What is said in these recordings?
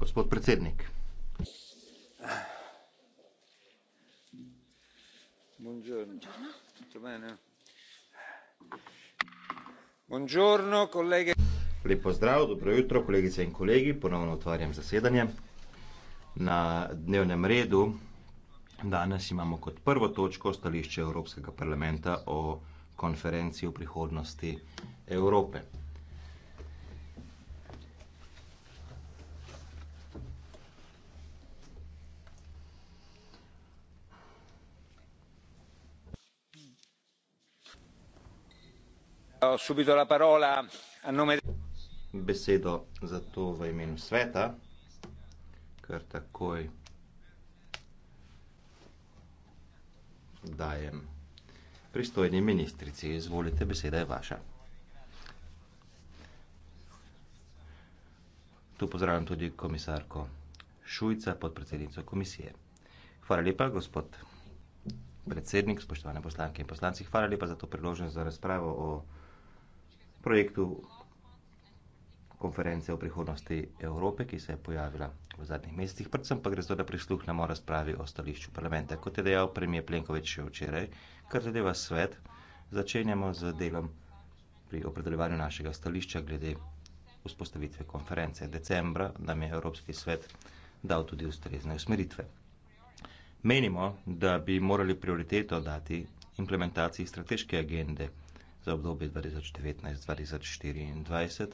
gospod predsednik lep pozdrav dobro jutro kolegice in kolegi ponovno otvarjam zasedanje na dnevnem redu danes imamo kot prvo točko stališče evropskega parlamenta o konferenci o prihodnosti evrope subito la parola a nome. Besedo za to v imenu sveta, ker takoj dajem pristojni ministrici. Izvolite, beseda je vaša. Tu pozdravljam tudi komisarko Šujca, podpredsednico komisije. Hvala lepa, gospod predsednik, spoštovane poslanke in poslanci. Hvala lepa za to priložnost za razpravo o projektu konference o prihodnosti Evrope, ki se je pojavila v zadnjih mesecih, predvsem pa gre za to, da prisluhnemo razpravi o stališču parlamenta. Kot je dejal premijer Plenković še včeraj, kar zadeva svet, začenjamo z delom pri opredeljevanju našega stališča glede vzpostavitve konference. Decembra nam je Evropski svet dal tudi ustrezne usmeritve. Menimo, da bi morali prioriteto dati implementaciji strateške agende za obdobje 2019-2024,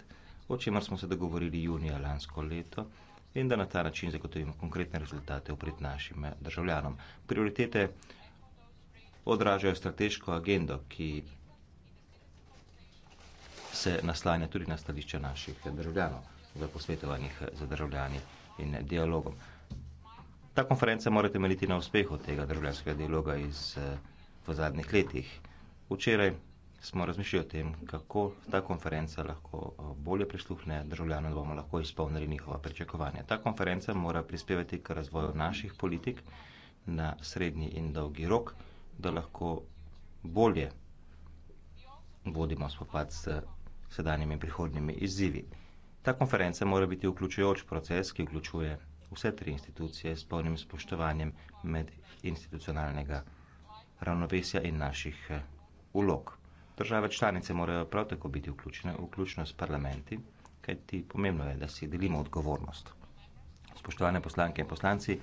o čemer smo se dogovorili junija lansko leto in da na ta način zagotovimo konkretne rezultate upred našim državljanom. Prioritete odražajo strateško agendo, ki se naslanja tudi na stališče naših državljanov za posvetovanjih za državljani in dialogom. Ta konferenca mora temeljiti na uspehu tega državljanskega dialoga iz, v zadnjih letih. Včeraj smo razmišljali o tem, kako ta konferenca lahko eh, bolje prisluhne državljanom, da bomo lahko izpolnili njihova pričakovanja. Ta konferenca mora prispevati k razvoju naših politik na srednji in dolgi rok, da lahko bolje vodimo spopad s sedanjimi in prihodnjimi izzivi. Ta konferenca mora biti vključujoč proces, ki vključuje vse tri institucije s polnim spoštovanjem med institucionalnega ravnovesja in naših ulog. Eh, Države članice morajo prav tako biti vključene, vključno s parlamenti, kajti pomembno je, da si delimo odgovornost. Spoštovane poslanke in poslanci,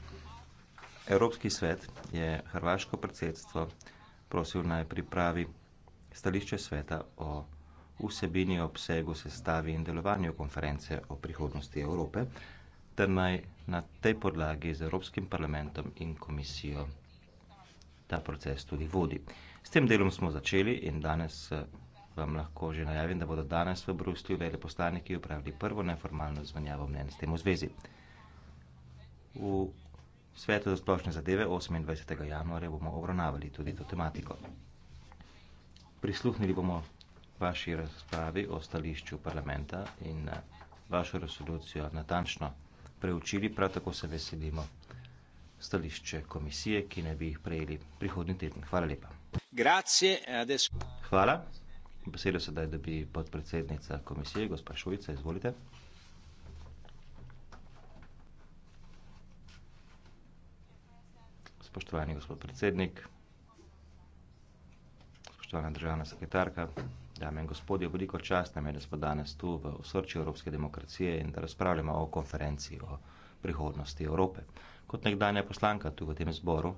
Evropski svet je Hrvaško predsedstvo prosil naj pripravi stališče sveta o vsebini, obsegu, sestavi in delovanju konference o prihodnosti Evrope, ter naj na tej podlagi z Evropskim parlamentom in komisijo ta proces tudi vodi. S tem delom smo začeli in danes eh, vam lahko že najavim, da bodo danes v Bruslju veleposlaniki upravili prvo neformalno zvanjavo mnen s tem v zvezi. V svetu za splošne zadeve 28. januarja bomo obravnavali tudi to tematiko. Prisluhnili bomo vaši razpravi o stališču parlamenta in eh, vašo resolucijo natančno preučili, prav tako se veselimo stališče komisije, ki ne bi jih prejeli prihodni teden. Hvala lepa. Eh, Hvala. Besedo sedaj dobi podpredsednica komisije, gospa Šuica, izvolite. Spoštovani gospod predsednik, spoštovana državna sekretarka, dame in gospodje, veliko čast nam je, da smo danes tu v osrčju evropske demokracije in da razpravljamo o konferenci o prihodnosti Evrope. Kot nekdanja poslanka tu v tem zboru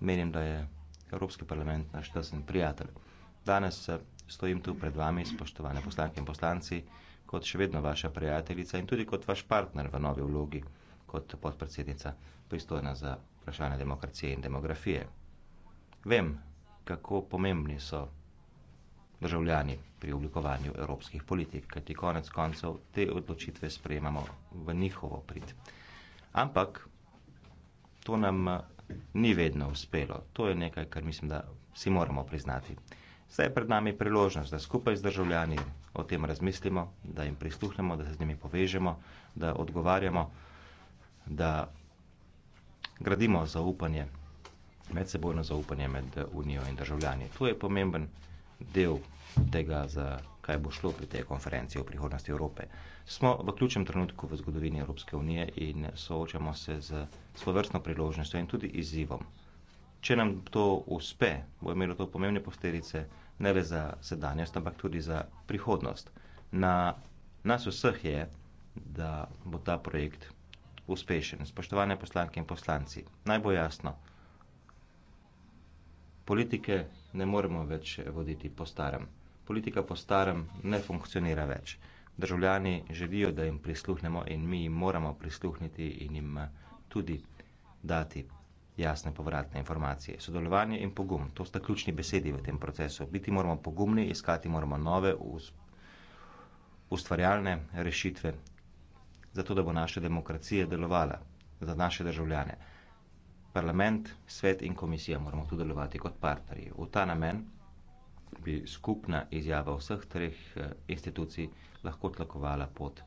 menim, da je Evropski parlament naš tesen prijatelj. Danes eh, stojim tu pred vami, spoštovane poslanke in poslanci, kot še vedno vaša prijateljica in tudi kot vaš partner v novi vlogi, kot podpredsednica pristojna za vprašanje demokracije in demografije. Vem, kako pomembni so državljani pri oblikovanju evropskih politik, kajti konec koncev te odločitve sprejemamo v njihovo prid. Ampak to nam eh, ni vedno uspelo. To je nekaj, kar mislim, da si moramo priznati. Zdaj je pred nami priložnost, da skupaj z državljani o tem razmislimo, da jim prisluhnemo, da se z njimi povežemo, da odgovarjamo, da gradimo zaupanje, medsebojno zaupanje med Unijo in državljani. To je pomemben del tega za kaj bo šlo pri tej konferenci o prihodnosti Evrope. Smo v ključnem trenutku v zgodovini Evropske unije in soočamo se z svojevrstno priložnostjo in tudi izzivom. Če nam to uspe, bo imelo to pomembne posledice ne le za sedanjost, ampak tudi za prihodnost. Na nas vseh je, da bo ta projekt uspešen. Spoštovane poslanke in poslanci, naj bo jasno, politike ne moremo več voditi po starem. Politika po starem ne funkcionira več. Državljani želijo, da jim prisluhnemo in mi jim moramo prisluhniti in jim eh, tudi dati jasne povratne informacije. Sodelovanje in pogum, to sta ključni besedi v tem procesu. Biti moramo pogumni, iskati moramo nove ustvarjalne rešitve, zato da bo naša demokracija delovala za naše državljane. Parlament, svet in komisija moramo tu delovati kot partnerji. V ta namen bi skupna izjava vseh treh eh, institucij lahko tlakovala pot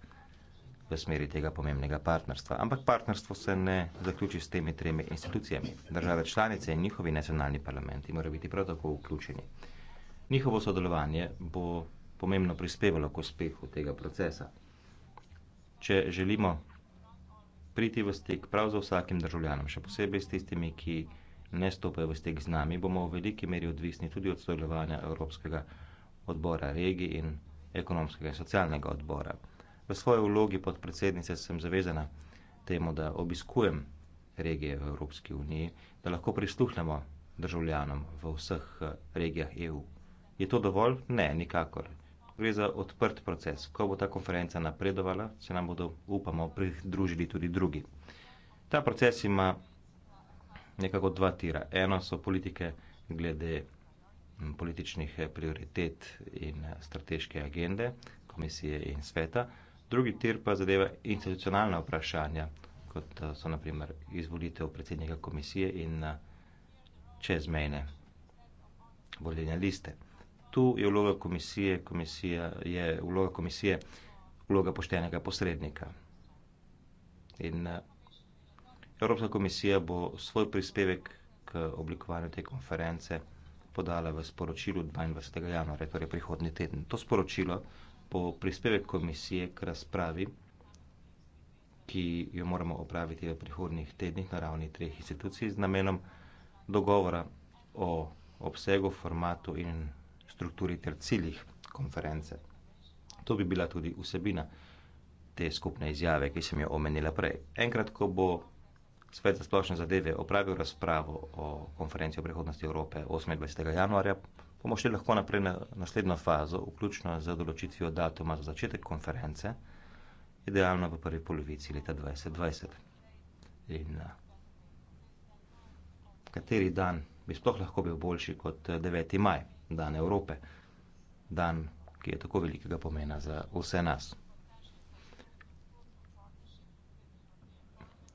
v smeri tega pomembnega partnerstva. Ampak partnerstvo se ne zaključi s temi tremi institucijami. Države članice in njihovi nacionalni parlamenti morajo biti prav tako vključeni. Njihovo sodelovanje bo pomembno prispevalo k uspehu tega procesa. Če želimo priti v stik prav z vsakim državljanom, še posebej s tistimi, ki ne stopajo v stik z nami, bomo v veliki meri odvisni tudi od sodelovanja Evropskega odbora regij in ekonomskega in socialnega odbora. V svoji vlogi podpredsednice sem zavezana temu, da obiskujem regije v Evropski uniji, da lahko prisluhnemo državljanom v vseh eh, regijah EU. Je to dovolj? Ne, nikakor. Gre za odprt proces. Ko bo ta konferenca napredovala, se nam bodo, upamo, pridružili tudi drugi. Ta proces ima nekako dva tira. Eno so politike glede političnih eh, prioritet in eh, strateške agende komisije in sveta, drugi tir pa zadeva institucionalna vprašanja, kot eh, so naprimer izvolitev predsednika komisije in čezmejne voljenja liste. Tu je vloga komisije, komisija je vloga komisije, vloga poštenega posrednika. In Evropska komisija bo svoj prispevek k oblikovanju te konference podala v sporočilu 22. januarja, torej prihodnji teden. To sporočilo bo prispevek komisije k razpravi, ki jo moramo opraviti v prihodnjih tednih na ravni treh institucij z namenom dogovora o obsegu, formatu in strukturi ter ciljih konference. To bi bila tudi vsebina te skupne izjave, ki sem jo omenila prej. Enkrat, ko bo Svet za splošne zadeve opravil razpravo o konferenci o prihodnosti Evrope 28. januarja, bomo šli lahko naprej na naslednjo fazo, vključno z določitvijo datuma za začetek konference, idealno v prvi polovici leta 2020. In eh, kateri dan bi sploh lahko bil boljši kot 9. Eh, maj, dan Evrope, dan, ki je tako velikega pomena za vse nas.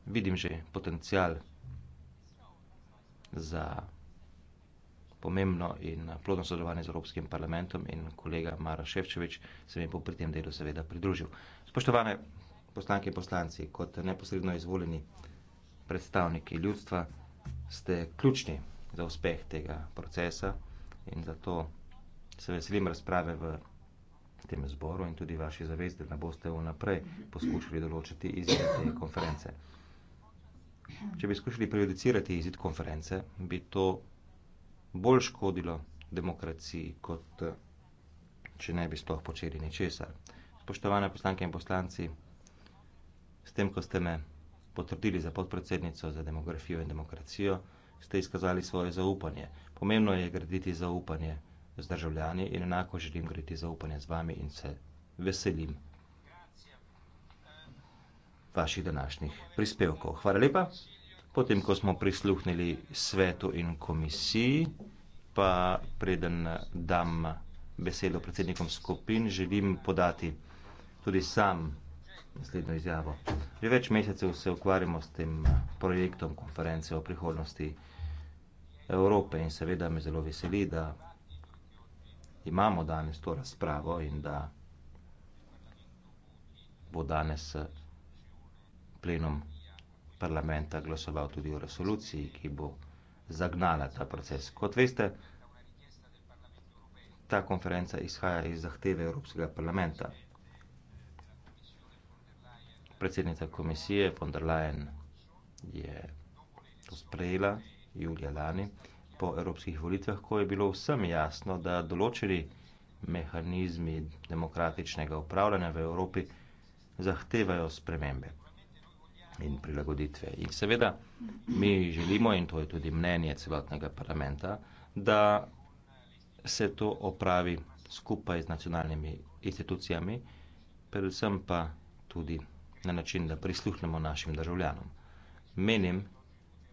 vidim že potencial za pomembno in plodno sodelovanje z Evropskim parlamentom in kolega Mara Ševčevič se mi bo pri tem delu seveda pridružil. Spoštovane poslanke in poslanci, kot neposredno izvoljeni predstavniki ljudstva ste ključni za uspeh tega procesa in zato se veselim razprave v tem zboru in tudi vaši zavezde, da boste vnaprej poskušali določiti izjave te konference. Če bi skušali prejudicirati izid konference, bi to bolj škodilo demokraciji, kot če ne bi sploh počeli ničesar. Spoštovane poslanke in poslanci, s tem, ko ste me potrdili za podpredsednico za demografijo in demokracijo, ste izkazali svoje zaupanje. Pomembno je graditi zaupanje z državljani in enako želim graditi zaupanje z vami in se veselim vaših današnjih prispevkov. Hvala lepa. Potem, ko smo prisluhnili svetu in komisiji, pa preden dam besedo predsednikom skupin, želim podati tudi sam naslednjo izjavo. Že več mesecev se ukvarjamo s tem projektom konference o prihodnosti Evrope in seveda me zelo veseli, da imamo danes to razpravo in da bo danes plenum parlamenta glasoval tudi o resoluciji, ki bo zagnala ta proces. Kot veste, ta konferenca izhaja iz zahteve Evropskega parlamenta. Predsednica komisije von der Leyen je to sprejela julija lani po evropskih volitvah, ko je bilo vsem jasno, da določeni mehanizmi demokratičnega upravljanja v Evropi zahtevajo spremembe in prilagoditve. In seveda mhm. mi želimo, in to je tudi mnenje celotnega parlamenta, da se to opravi skupaj z nacionalnimi institucijami, predvsem pa tudi na način, da prisluhnemo našim državljanom. Menim,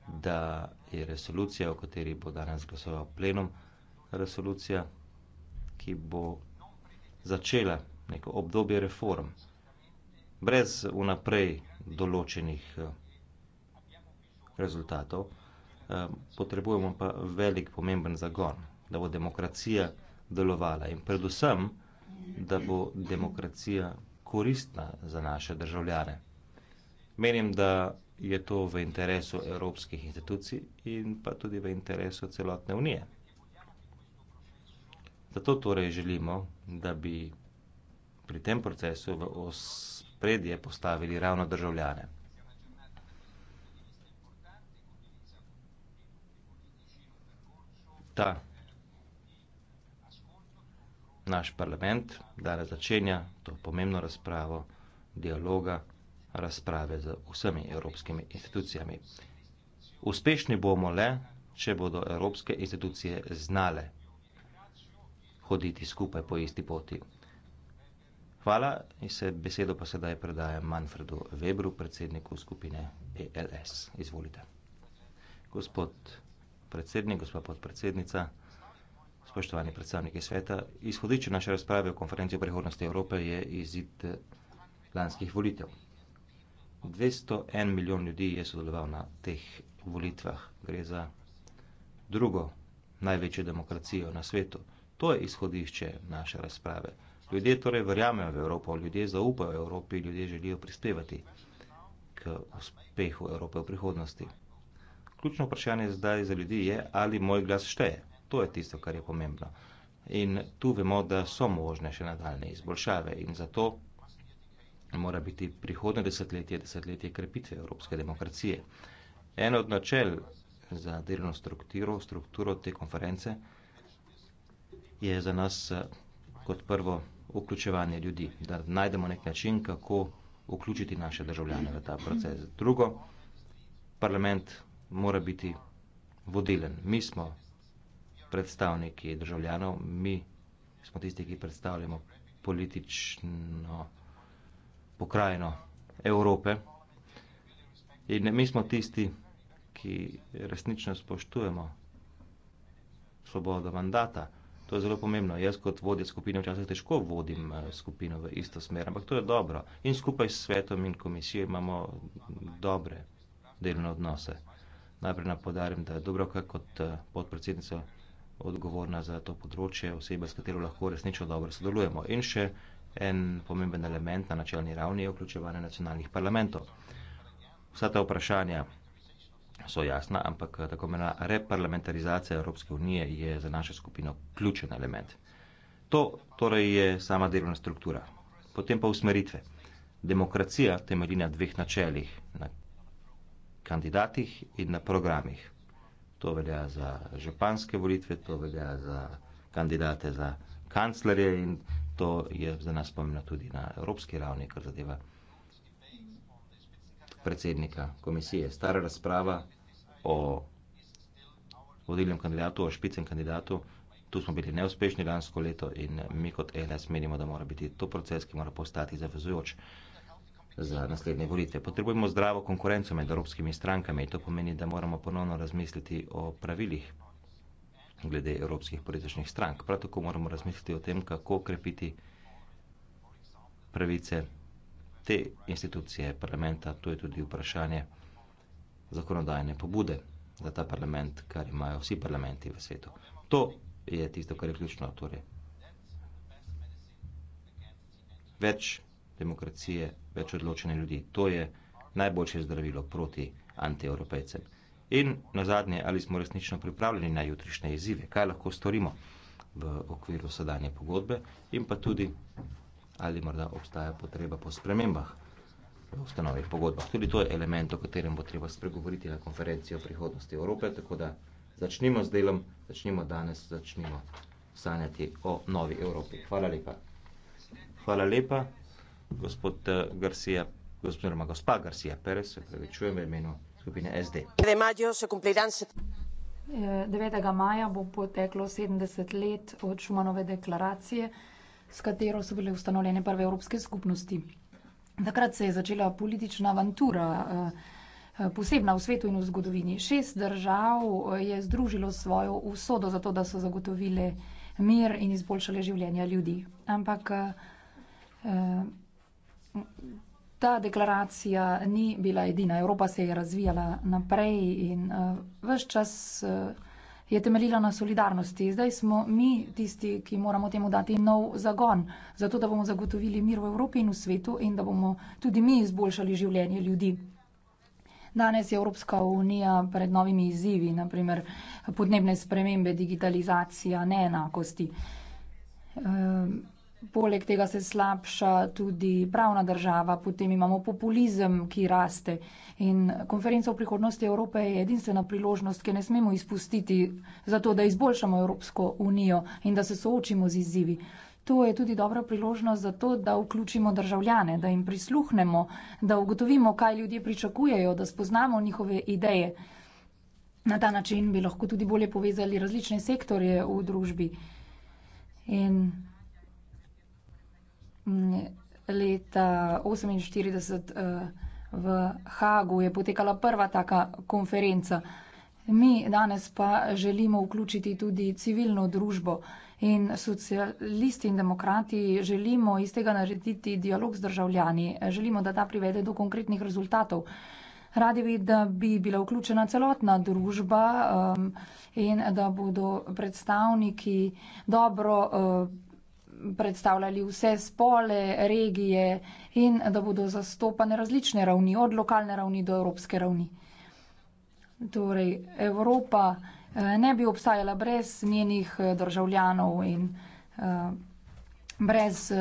da je resolucija, o kateri bo danes glasoval plenum, resolucija, ki bo začela neko obdobje reform. Brez unaprej določenih eh, rezultatov. Eh, potrebujemo pa velik pomemben zagon, da bo demokracija delovala in predvsem, da bo demokracija koristna za naše državljane. Menim, da je to v interesu evropskih institucij in pa tudi v interesu celotne unije. Zato torej želimo, da bi pri tem procesu v predje postavili ravno državljane ta naš parlament danes začenja to pomembno razpravo dialoga razprave z vsemi evropskimi institucijami uspešni bomo le če bodo evropske institucije znale hoditi skupaj po isti poti Hvala in se besedo pa sedaj predajem Manfredu Webru, predsedniku skupine PLS. Izvolite. Gospod predsednik, gospa podpredsednica, spoštovani predstavniki sveta, izhodiče naše razprave o konferenci o prihodnosti Evrope je izid lanskih volitev. 201 milijon ljudi je sodeloval na teh volitvah. Gre za drugo največjo demokracijo na svetu. To je izhodišče naše razprave. Ljudje torej verjamejo v Evropo, ljudje zaupajo Evropi, ljudje želijo prispevati k uspehu Evrope v prihodnosti. Ključno vprašanje zdaj za ljudi je, ali moj glas šteje. To je tisto, kar je pomembno. In tu vemo, da so možne še nadaljne izboljšave in zato mora biti prihodne desetletje desetletje krepitve evropske demokracije. Eno od načel za delovno strukturo, strukturo te konference je za nas eh, kot prvo vključevanje ljudi, da najdemo nek način, kako vključiti naše državljane v ta proces. Drugo, parlament mora biti vodilen. Mi smo predstavniki državljanov, mi smo tisti, ki predstavljamo politično pokrajino Evrope in mi smo tisti, ki resnično spoštujemo svobodo mandata. To je zelo pomembno. Jaz kot vodja skupine včasih težko vodim eh, skupino v isto smer, ampak to je dobro. In skupaj s svetom in komisijo imamo dobre delovne odnose. Najprej napodarim, da je dobro, kako kot eh, podpredsednica odgovorna za to področje, oseba, s katero lahko resnično dobro sodelujemo. In še en pomemben element na načelni ravni je vključevanje nacionalnih parlamentov. Vsa ta vprašanja so jasna, ampak eh, tako imena reparlamentarizacija Evropske unije je za našo skupino ključen element. To torej je sama delovna struktura. Potem pa usmeritve. Demokracija temelji na dveh načelih, na kandidatih in na programih. To velja za županske volitve, to velja za kandidate za kanclerje in to je za nas pomembno tudi na evropski ravni, kar zadeva predsednika komisije. Stara razprava o vodilnem kandidatu, o špicem kandidatu. Tu smo bili neuspešni lansko leto in mi kot e LS menimo, da mora biti to proces, ki mora postati zavezujoč za naslednje volitve. Potrebujemo zdravo konkurenco med evropskimi strankami in to pomeni, da moramo ponovno razmisliti o pravilih glede evropskih političnih strank. Prav tako moramo razmisliti o tem, kako krepiti pravice te institucije parlamenta, to je tudi vprašanje zakonodajne pobude za ta parlament, kar imajo vsi parlamenti v svetu. To je tisto, kar je ključno. Torej. Več demokracije, več odločene ljudi, to je najboljše zdravilo proti antievropejcem. In na zadnje, ali smo resnično pripravljeni na jutrišnje izzive, kaj lahko storimo v okviru sedanje pogodbe in pa tudi ali morda obstaja potreba po spremembah v ustanovih pogodbah. Tudi to je element, o katerem bo treba spregovoriti na konferenciji o prihodnosti Evrope, tako da začnimo z delom, začnimo danes, začnimo sanjati o novi Evropi. Hvala lepa. Hvala lepa, gospod eh, Garcia, gospod, gospa Garcia Perez, se prevečujem v imenu skupine SD. 9. Eh, maja bo poteklo 70 let od Šumanove deklaracije s katero so bile ustanovljene prve evropske skupnosti. Takrat se je začela politična avantura, eh, eh, posebna v svetu in v zgodovini. Šest držav eh, je združilo svojo usodo za to, da so zagotovile mir in izboljšale življenja ljudi. Ampak ta deklaracija ni bila edina. Evropa se je razvijala naprej in vse čas je temeljila na solidarnosti. Zdaj smo mi tisti, ki moramo temu dati nov zagon, zato da bomo zagotovili mir v Evropi in v svetu in da bomo tudi mi izboljšali življenje ljudi. Danes je Evropska unija pred novimi izzivi, naprimer podnebne spremembe, digitalizacija, neenakosti. Um, Poleg tega se slabša tudi pravna država, potem imamo populizem, ki raste. In konferenca o prihodnosti Evrope je edinstvena priložnost, ki ne smemo izpustiti za to, da izboljšamo Evropsko unijo in da se soočimo z izzivi. To je tudi dobra priložnost za to, da vključimo državljane, da jim prisluhnemo, da ugotovimo, kaj ljudje pričakujejo, da spoznamo njihove ideje. Na ta način bi lahko tudi bolje povezali različne sektorje v družbi. In leta 1948 eh, v Hagu je potekala prva taka konferenca. Mi danes pa želimo vključiti tudi civilno družbo in socialisti in demokrati želimo iz tega narediti dialog z državljani. Želimo, da ta privede do konkretnih rezultatov. Radi bi, da bi bila vključena celotna družba um, in da bodo predstavniki dobro uh, predstavljali vse spole, regije in da bodo zastopane različne ravni, od lokalne ravni do evropske ravni. Torej, Evropa eh, ne bi obstajala brez njenih eh, državljanov in eh, brez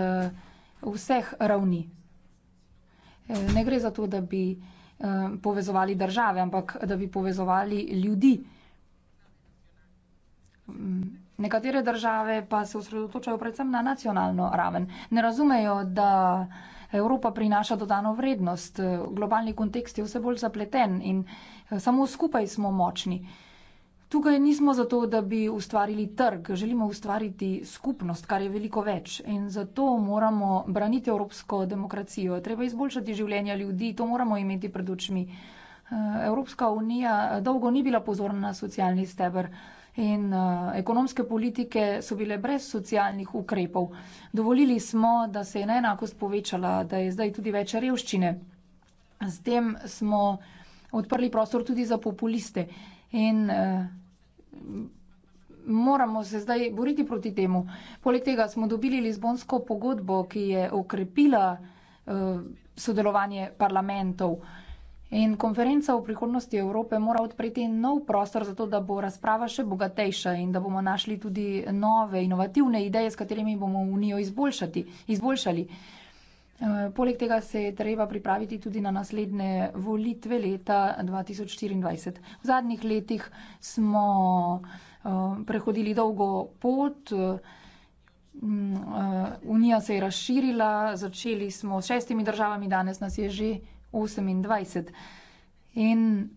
vseh ravni. Ne gre za to, da bi povezovali države, ampak da bi povezovali ljudi. Mm. Nekatere države pa se osredotočajo predvsem na nacionalno raven. Ne razumejo, da Evropa prinaša dodano vrednost. Globalni kontekst je vse bolj zapleten in eh, samo skupaj smo močni. Tukaj nismo zato, da bi ustvarili trg, želimo ustvariti skupnost, kar je veliko več. In zato moramo braniti evropsko demokracijo. Treba izboljšati življenja ljudi, to moramo imeti pred očmi. Eh, Evropska unija eh, dolgo ni bila pozorna na socialni steber in eh, ekonomske politike so bile brez socialnih ukrepov. Dovolili smo, da se je neenakost povečala, da je zdaj tudi več revščine. S tem smo odprli prostor tudi za populiste in eh, moramo se zdaj boriti proti temu. Poleg tega smo dobili Lizbonsko pogodbo, ki je okrepila eh, sodelovanje parlamentov. In konferenca o prihodnosti Evrope mora odpreti nov prostor za to, da bo razprava še bogatejša in da bomo našli tudi nove inovativne ideje, s katerimi bomo unijo izboljšati, izboljšali. Eh, poleg tega se je treba pripraviti tudi na naslednje volitve leta 2024. V zadnjih letih smo eh, prehodili dolgo pot, eh, mm, unija se je razširila, začeli smo s šestimi državami, danes nas je že osemindvajset. In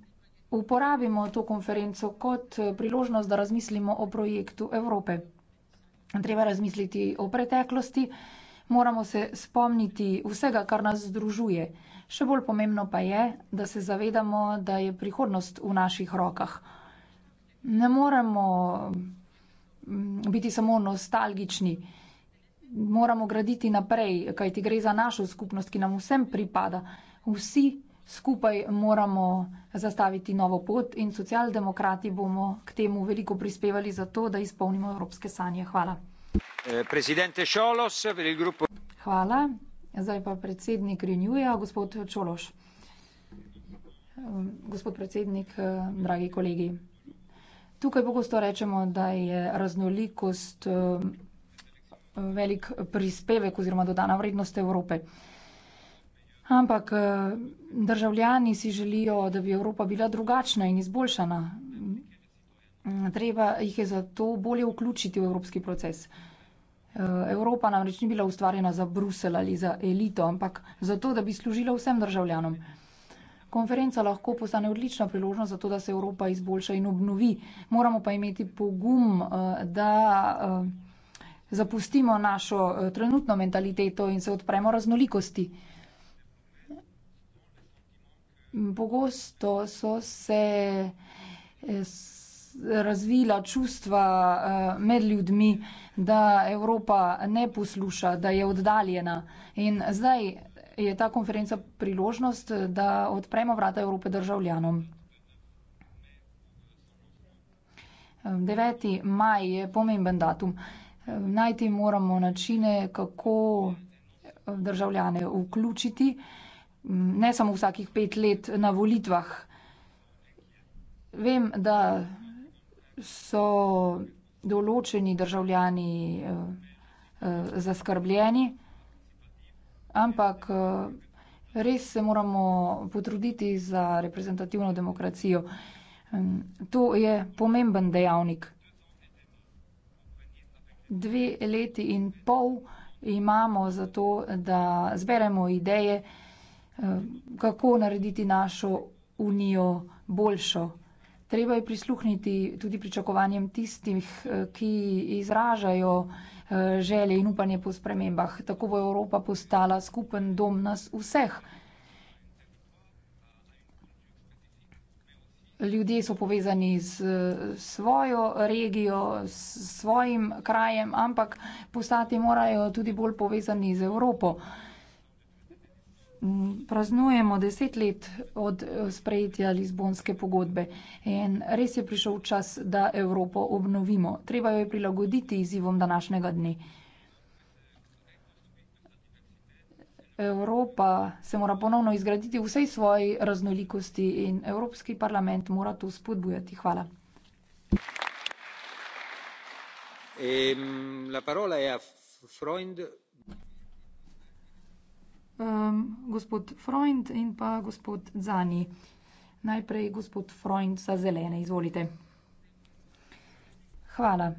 uporabimo to konferenco kot priložnost, da razmislimo o projektu Evrope. Treba razmisliti o preteklosti, moramo se spomniti vsega, kar nas združuje. Še bolj pomembno pa je, da se zavedamo, da je prihodnost v naših rokah. Ne moremo mm, biti samo nostalgični, moramo graditi naprej, kajti gre za našo skupnost, ki nam vsem pripada vsi skupaj moramo zastaviti novo pot in socialdemokrati bomo k temu veliko prispevali za to, da izpolnimo evropske sanje. Hvala. Eh, Hvala. Zdaj pa predsednik Renewja, gospod Čološ. Gospod predsednik, eh, dragi kolegi. Tukaj pogosto rečemo, da je raznolikost eh, velik prispevek oziroma dodana vrednost Evrope. Ampak eh, državljani si želijo, da bi Evropa bila drugačna in izboljšana. Mm, treba jih je zato bolje vključiti v evropski proces. Eh, Evropa namreč ni bila ustvarjena za Brusel ali za elito, ampak zato, da bi služila vsem državljanom. Konferenca lahko postane odlična priložnost za to, da se Evropa izboljša in obnovi. Moramo pa imeti pogum, eh, da zapustimo našo trenutno mentaliteto in se odpremo raznolikosti. Pogosto so se eh, razvila čustva eh, med ljudmi, da Evropa ne posluša, da je oddaljena. In zdaj je ta konferenca priložnost, da odpremo vrata Evrope državljanom. 9. maj je pomemben datum. Najti moramo načine, kako državljane vključiti ne samo vsakih pet let na volitvah. Vem, da so določeni državljani eh, eh, zaskrbljeni, ampak eh, res se moramo potruditi za reprezentativno demokracijo. To je pomemben dejavnik. Dve leti in pol imamo za to, da zberemo ideje, Eh, kako narediti našo unijo boljšo. Treba je prisluhniti tudi pričakovanjem tistih, eh, ki izražajo eh, želje in upanje po spremembah. Tako bo Evropa postala skupen dom nas vseh. Ljudje so povezani s svojo regijo, s svojim krajem, ampak postati morajo tudi bolj povezani z Evropo praznujemo deset let od eh, sprejetja Lizbonske pogodbe in res je prišel čas, da Evropo obnovimo. Treba jo je prilagoditi izzivom današnjega dne. Evropa se mora ponovno izgraditi v vsej svoji raznolikosti in Evropski parlament mora to spodbujati. Hvala. Ehm, gospod Freund in pa gospod Zani. Najprej gospod Freund za zelene, izvolite. Hvala.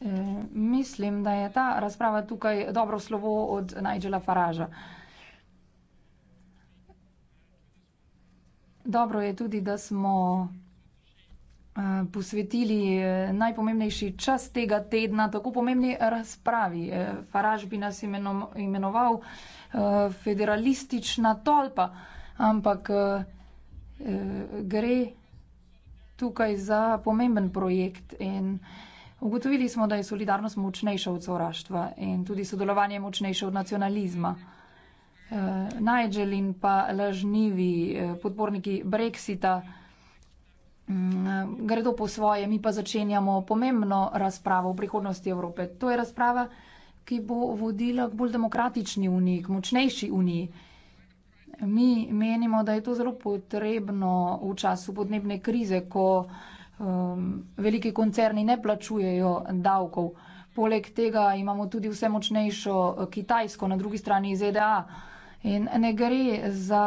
E, mislim, da je ta razprava tukaj dobro slovo od Nigela Faraža. Dobro je tudi, da smo Eh, posvetili eh, najpomembnejši čas tega tedna, tako pomembni razpravi. Eh, Faraž bi nas imenoval federalistična tolpa, ampak gre tukaj za pomemben projekt in ugotovili smo, da je solidarnost močnejša od sovraštva in tudi sodelovanje močnejše od nacionalizma. Nigel in pa lažnivi podporniki Brexita. Mm, gredo po svoje, mi pa začenjamo pomembno razpravo o prihodnosti Evrope. To je razprava, ki bo vodila k bolj demokratični uniji, k močnejši uniji. Mi menimo, da je to zelo potrebno v času podnebne krize, ko um, veliki koncerni ne plačujejo davkov. Poleg tega imamo tudi vse močnejšo uh, Kitajsko, na drugi strani ZDA. In ne gre za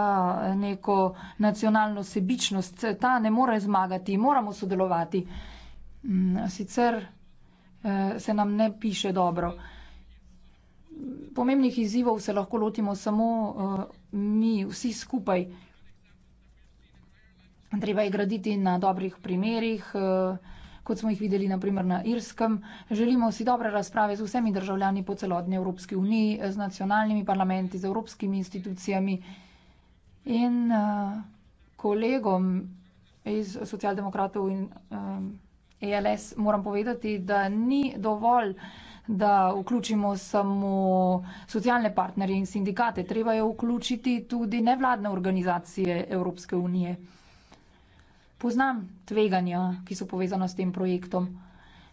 neko nacionalno sebičnost, ta ne more zmagati, moramo sodelovati. Mm, sicer eh, se nam ne piše dobro. Pomembnih izzivov se lahko lotimo samo eh, mi, vsi skupaj. Treba je graditi na dobrih primerih. Eh, kot smo jih videli naprimer na Irskem. Želimo si dobre razprave z vsemi državljani po celotni Evropski uniji, z nacionalnimi parlamenti, z evropskimi institucijami in uh, kolegom iz socialdemokratov in um, eh, ELS moram povedati, da ni dovolj, da vključimo samo socialne partnerje in sindikate. Treba je vključiti tudi nevladne organizacije Evropske unije poznam tveganja, ki so povezana s tem projektom.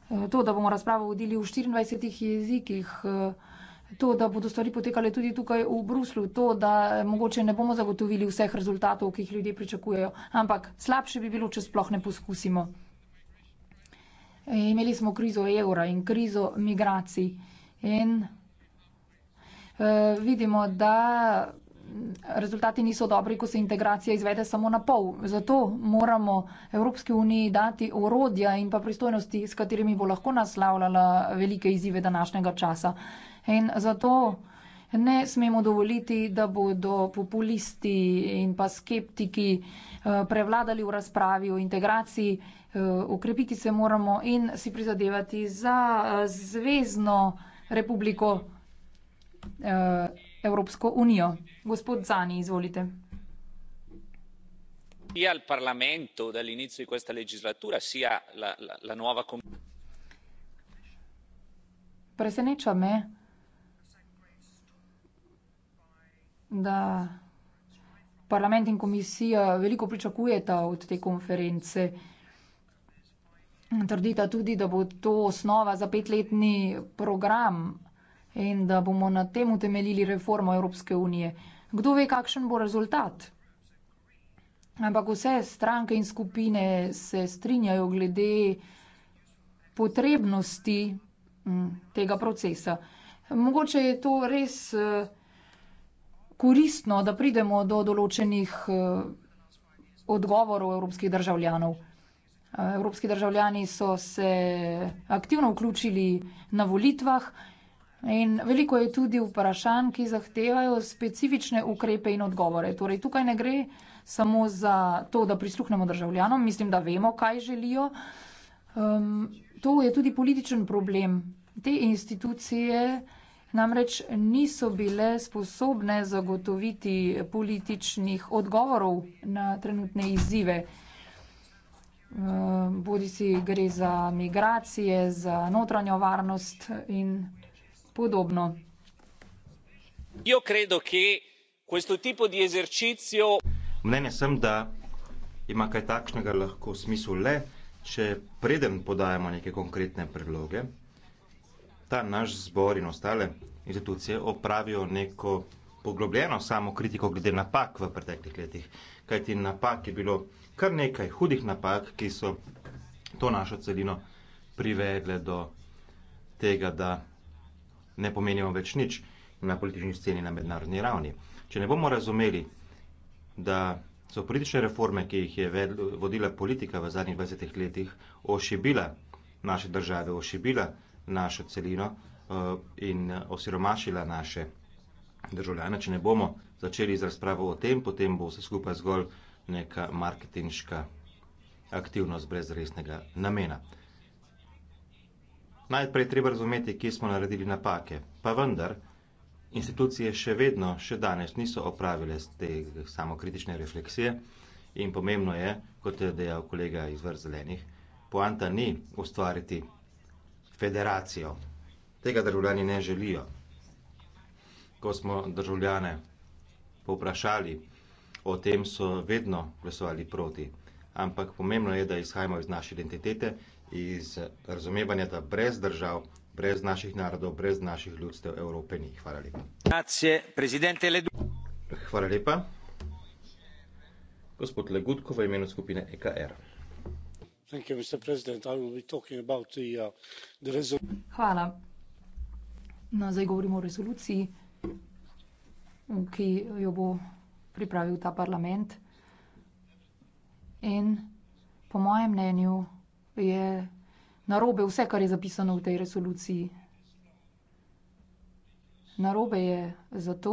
Eh, to, da bomo razpravo vodili v 24 jezikih, eh, to, da bodo stvari potekale tudi tukaj v Bruslu, to, da mogoče ne bomo zagotovili vseh rezultatov, ki jih ljudje pričakujejo, ampak slabše bi bilo, če sploh ne poskusimo. Eh, imeli smo krizo evra in krizo migracij in vidimo, da rezultati niso dobri, ko se integracija izvede samo na pol. Zato moramo Evropski uniji dati orodja in pa pristojnosti, s katerimi bo lahko naslavljala velike izzive današnjega časa. In zato ne smemo dovoliti, da bodo populisti in pa skeptiki eh, prevladali v razpravi o integraciji. Ukrepiti eh, se moramo in si prizadevati za eh, zvezno republiko. Uh... Evropsko unijo. Gospod Zani, izvolite. Preseneča me, da parlament in komisija veliko pričakujeta od te konference. Trdita tudi, da bo to osnova za petletni program in da bomo na tem utemeljili reformo Evropske unije. Kdo ve, kakšen bo rezultat? Ampak vse stranke in skupine se strinjajo glede potrebnosti mm, tega procesa. Mogoče je to res eh, koristno, da pridemo do določenih eh, odgovorov evropskih državljanov. Eh, evropski državljani so se aktivno vključili na volitvah In veliko je tudi vprašanj, ki zahtevajo specifične ukrepe in odgovore. Torej, tukaj ne gre samo za to, da prisluhnemo državljanom, mislim, da vemo, kaj želijo. Um, to je tudi političen problem. Te institucije namreč niso bile sposobne zagotoviti političnih odgovorov na trenutne izzive. Um, Bodi si gre za migracije, za notranjo varnost in podobno. mnenja sem da ima kaj takšnega lahko smisel le če preden podajamo neke konkretne predloge ta naš zbor in ostale institucije opravijo neko poglobljeno samokritiko glede napak v preteklih letih kajti napak je bilo kar nekaj hudih napak ki so to našo celino privedle do tega da ne pomenijo več nič na politični sceni na mednarodni ravni. Če ne bomo razumeli, da so politične reforme, ki jih je vodila politika v zadnjih 20 letih, ošibila naše države, ošibila našo celino eh, in eh, osiromašila naše državljane, če ne bomo začeli z razpravo o tem, potem bo vse skupaj zgolj neka marketinška aktivnost brez resnega namena najprej treba razumeti, kje smo naredili napake. Pa vendar, institucije še vedno, še danes niso opravile te samokritične refleksije in pomembno je, kot je dejal kolega iz vrst zelenih, poanta ni ustvariti federacijo. Tega državljani ne želijo. Ko smo državljane povprašali, o tem so vedno glasovali proti. Ampak pomembno je, da izhajamo iz naše identitete iz razumevanja, da brez držav, brez naših narodov, brez naših ljudstev Evrope ni. Hvala lepa. Hvala lepa. Gospod Legutko v imenu skupine EKR. Uh, Hvala. No, zdaj govorimo o resoluciji, ki jo bo pripravil ta parlament. In po mojem mnenju je narobe vse, kar je zapisano v tej resoluciji. Narobe je zato,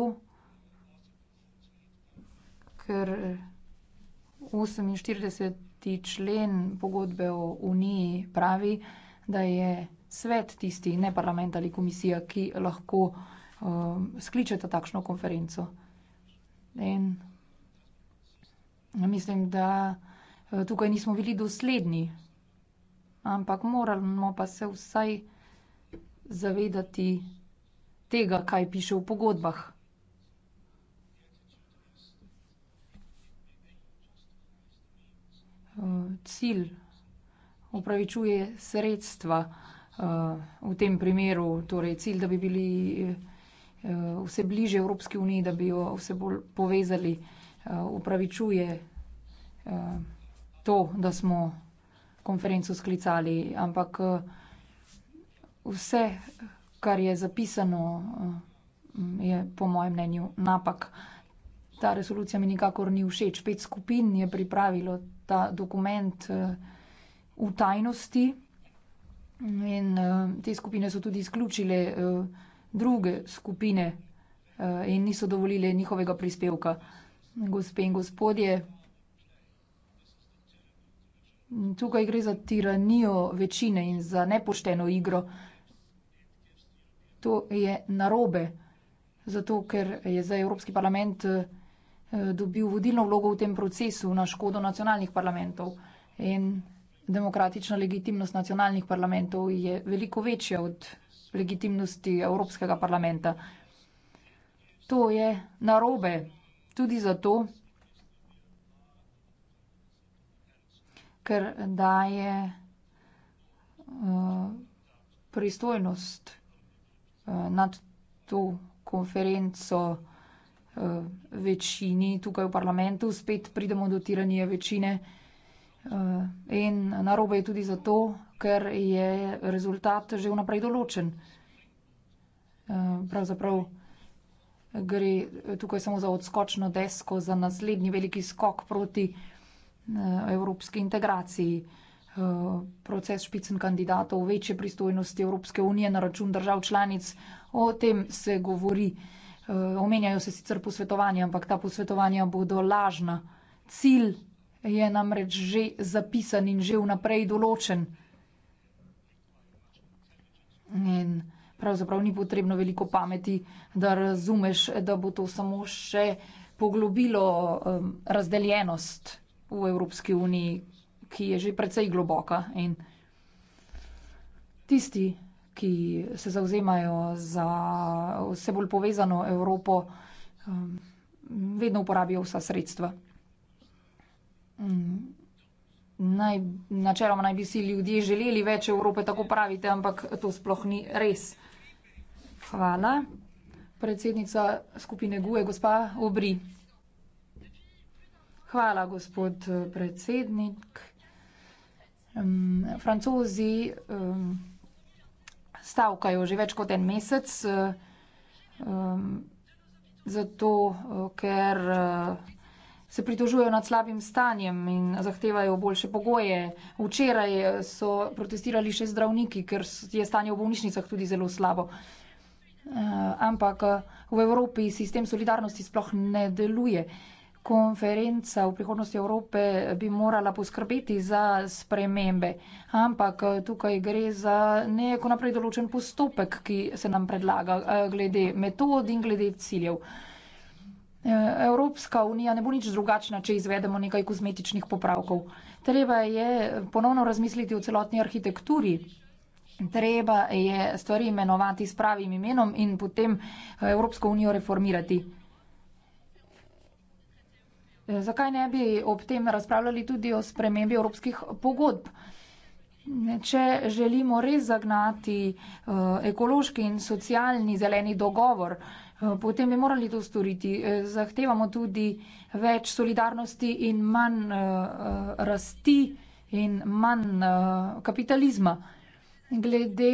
ker 48. člen pogodbe o uniji pravi, da je svet tisti, ne parlament ali komisija, ki lahko um, skličeta takšno konferenco. In mislim, da eh, tukaj nismo bili dosledni ampak moramo pa se vsaj zavedati tega, kaj piše v pogodbah. Cilj upravičuje sredstva eh, v tem primeru, torej cilj, da bi bili eh, vse bliže Evropski uniji, da bi jo vse bolj povezali, eh, upravičuje to, da smo konferenco sklicali, ampak eh, vse, kar je zapisano, eh, je po mojem mnenju napak. Ta resolucija mi nikakor ni všeč. Pet skupin je pripravilo ta dokument eh, v tajnosti in te skupine so tudi izključile druge skupine in niso dovolili njihovega prispevka. Gospe in gospodje, Mm, tukaj gre za tiranijo večine in za nepošteno igro. To je narobe, zato ker je zdaj Evropski parlament eh, dobil vodilno vlogo v tem procesu na škodo nacionalnih parlamentov in demokratična legitimnost nacionalnih parlamentov je veliko večja od legitimnosti Evropskega parlamenta. To je narobe, tudi zato, ker daje uh, pristojnost uh, nad to konferenco uh, večini tukaj v parlamentu. Spet pridemo do tiranije večine uh, in narobe je tudi zato, ker je rezultat že vnaprej določen. Pravzaprav gre tukaj samo za odskočno desko, za naslednji veliki skok proti uh, Eh, evropske integraciji. Eh, proces špicen kandidatov, večje pristojnosti Evropske unije na račun držav članic, o tem se govori. Eh, omenjajo se sicer posvetovanja, ampak ta posvetovanja bodo lažna. Cilj je namreč že zapisan in že vnaprej določen. In pravzaprav ni potrebno veliko pameti, da razumeš, da bo to samo še poglobilo razdeljenost v Evropski uniji, ki je že precej globoka. In tisti, ki se zauzemajo za vse bolj povezano Evropo, um, vedno uporabijo vsa sredstva. Mm. Naj, načeloma naj bi si ljudje želeli več Evrope, tako pravite, ampak to sploh ni res. Hvala. Predsednica skupine GUE, gospa Obri. Hvala, gospod predsednik. Um, francozi um, stavkajo že več kot en mesec, um, zato ker se pritožujejo nad slabim stanjem in zahtevajo boljše pogoje. Včeraj so protestirali še zdravniki, ker je stanje v bolnišnicah tudi zelo slabo. Uh, ampak v Evropi sistem solidarnosti sploh ne deluje. Uh, konferenca v prihodnosti Evrope bi morala poskrbeti za spremembe, ampak eh, tukaj gre za neko naprej določen postopek, ki se nam predlaga eh, glede metod in glede ciljev. Eh, Evropska unija ne bo nič drugačna, če izvedemo nekaj kozmetičnih popravkov. Treba je ponovno razmisliti o celotni arhitekturi. Treba je stvari imenovati s pravim imenom in potem Evropsko unijo reformirati. Eh, zakaj ne bi ob tem razpravljali tudi o spremembi evropskih pogodb? Če želimo res zagnati eh, ekološki in socialni zeleni dogovor, eh, potem bi morali to storiti. Zahtevamo tudi več solidarnosti in manj rasti in manj kapitalizma. Glede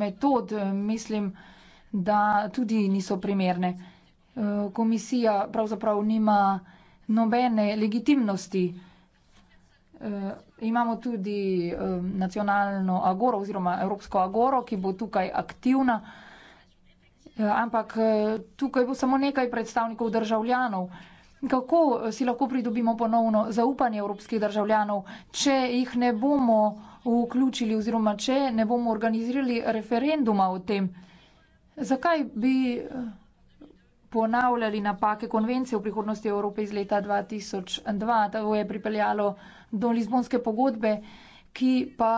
metod, mislim, da tudi niso primerne. Eh, komisija pravzaprav nima nobene legitimnosti. Eh, imamo tudi eh, nacionalno agoro oziroma Evropsko agoro, ki bo tukaj aktivna, ampak tukaj bo samo nekaj predstavnikov državljanov. Kako si lahko pridobimo ponovno zaupanje evropskih državljanov, če jih ne bomo vključili oziroma če ne bomo organizirali referenduma o tem? Zakaj bi ponavljali napake konvencije o prihodnosti Evrope iz leta 2002. To je pripeljalo do Lizbonske pogodbe, ki pa